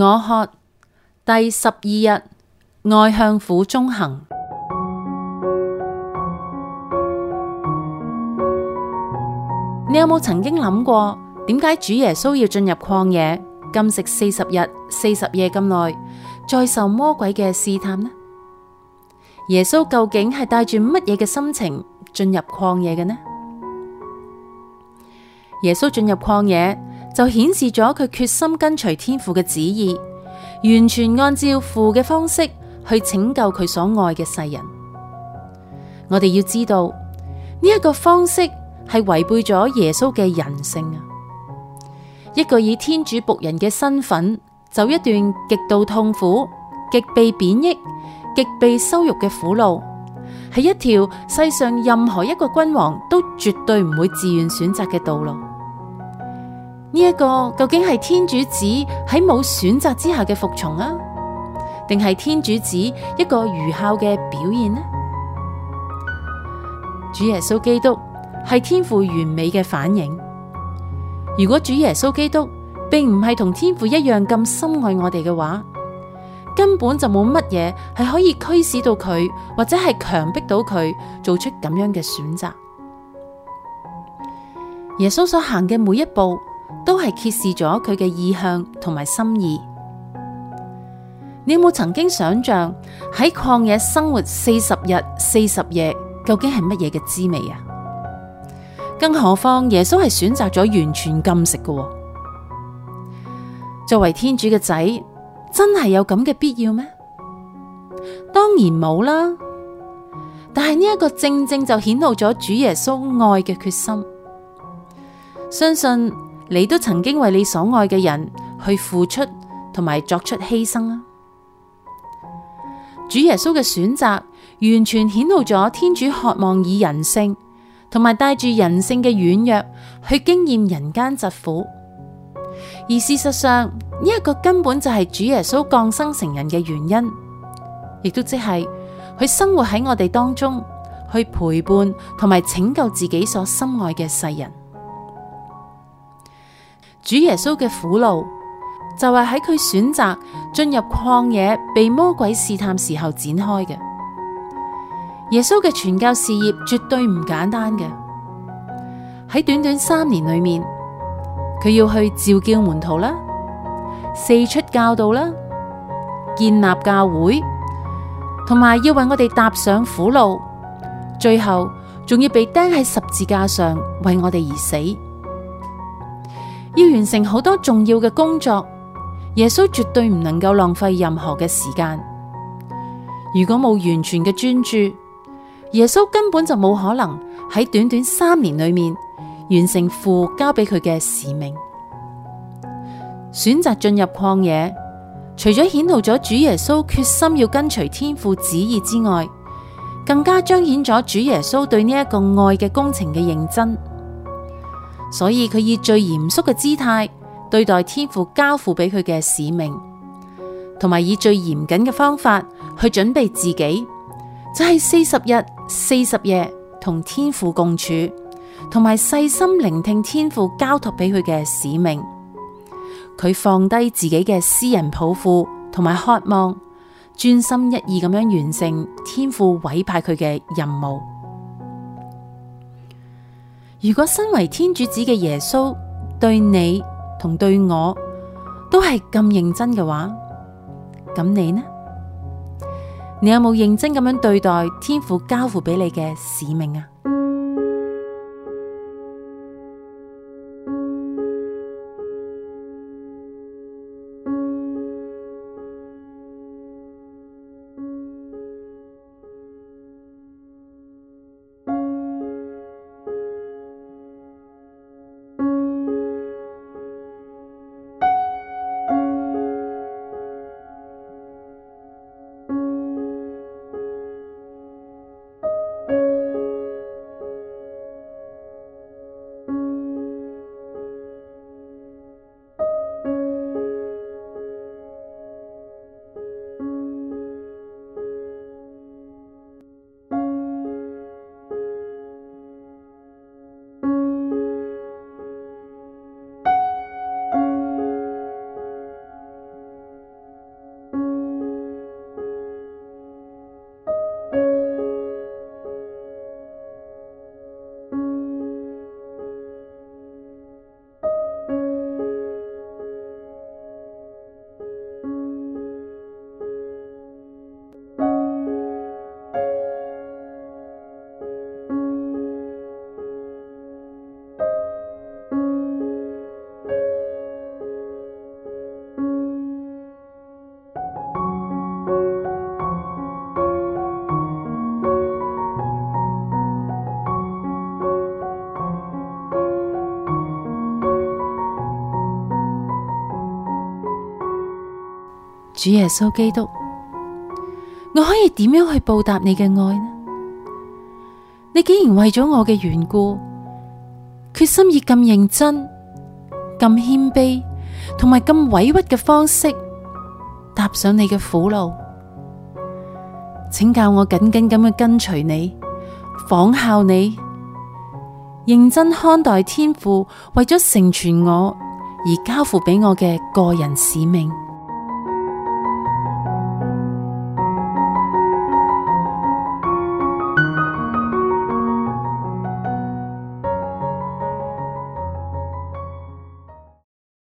我渴第十二日，愛向苦中行。你有冇曾經諗過，點解主耶穌要進入曠野，禁食四十日、四十夜咁耐，再受魔鬼嘅試探呢？耶穌究竟係帶住乜嘢嘅心情進入曠野嘅呢？耶穌進入曠野，就顯示咗佢決心跟隨天父嘅旨意，完全按照父嘅方式去拯救佢所愛嘅世人。我哋要知道呢一個方式係違背咗耶穌嘅人性啊！一個以天主僕人嘅身份走一段極度痛苦、極被貶抑、極被羞辱嘅苦路，係一條世上任何一個君王都絕對唔會自願選擇嘅道路。呢一個究竟係天主子喺冇選擇之下嘅服從啊，定係天主子一個愚孝嘅表現呢？主耶穌基督係天父完美嘅反應。如果主耶穌基督並唔係同天父一樣咁深愛我哋嘅話，根本就冇乜嘢係可以驅使到佢，或者係強迫到佢做出咁樣嘅選擇。耶穌所行嘅每一步。係揭示咗佢嘅意向同埋心意。你有冇曾經想象喺曠野生活四十日，四十夜，究竟係乜嘢嘅滋味啊？更何況耶穌係選擇咗完全禁食嘅，作為天主嘅仔，真係有咁嘅必要咩？當然冇啦。但係呢一個正正就顯露咗主耶穌愛嘅決心。相信。你都曾經為你所愛嘅人去付出同埋作出犧牲啊！主耶穌嘅選擇完全顯露咗天主渴望以人性同埋帶住人性嘅軟弱去經驗人間疾苦，而事實上呢一個根本就係主耶穌降生成人嘅原因，亦都即係佢生活喺我哋當中去陪伴同埋拯救自己所深愛嘅世人。主耶穌嘅苦路就係喺佢選擇進入曠野被魔鬼試探時候展開嘅。耶穌嘅傳教事業絕對唔簡單嘅。喺短短三年裏面，佢要去召叫門徒啦，四出教導啦，建立教會，同埋要為我哋踏上苦路，最後仲要被釘喺十字架上為我哋而死。要完成好多重要嘅工作，耶穌絕對唔能夠浪費任何嘅時間。如果冇完全嘅專注，耶穌根本就冇可能喺短短三年裏面完成父交俾佢嘅使命。選擇進入曠野，除咗顯露咗主耶穌決心要跟隨天父旨意之外，更加彰顯咗主耶穌對呢一個愛嘅工程嘅認真。所以佢以最嚴肅嘅姿態對待天父交付俾佢嘅使命，同埋以最嚴謹嘅方法去準備自己，就係四十日、四十夜同天父共處，同埋細心聆聽天父交託俾佢嘅使命。佢放低自己嘅私人抱負同埋渴望，專心一意咁樣完成天父委派佢嘅任務。如果身為天主子嘅耶穌對你同對我都係咁認真嘅話，咁你呢？你有冇認真咁樣對待天父交付俾你嘅使命啊？主耶穌基督，我可以點樣去報答你嘅愛呢？你竟然為咗我嘅緣故，決心以咁認真、咁謙卑同埋咁委屈嘅方式踏上你嘅苦路，請教我緊緊咁樣跟隨你，仿效你，認真看待天父為咗成全我而交付俾我嘅個人使命。